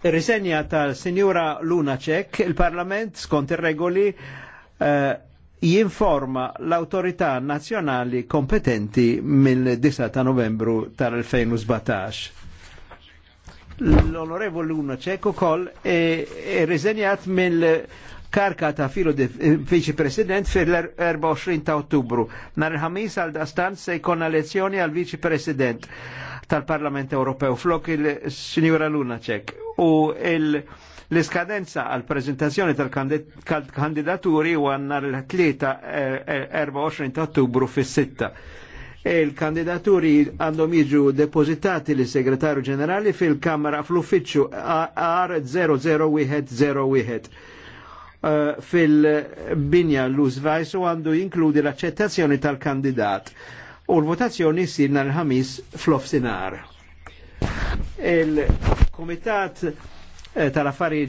risenja tal-Sinjura Lunacek, il-Parlament skont ir-regoli eh, jinforma l-autorità nazzjonali kompetenti mill-9 ta' novembru tal-2017. L-Onorevoli Lunacek ukoll irriżenjat eh, eh, e, e mill- karka ta' di vice president fil-24 ta' ottubru. Nar ħamis għal dastan se jkonna lezzjoni għal vice president tal-Parlament Ewropew flok il-Sinjura Lunacek u l-iskadenza għal prezentazzjoni tal-kandidaturi eh, u għannar l-3 24 ta' ottubru fis-6. Il-kandidaturi għandhom jiġu depozitati li segretarju ġenerali fil-Kamra fl-Uffiċċju R00101 eh, fil-binja l-użvajsu għandu jinkludi l-accettazzjoni tal-kandidat u l-votazzjoni jsir nhar ħamis fl-ofsinhar. il komitat eh, tal-Affarijiet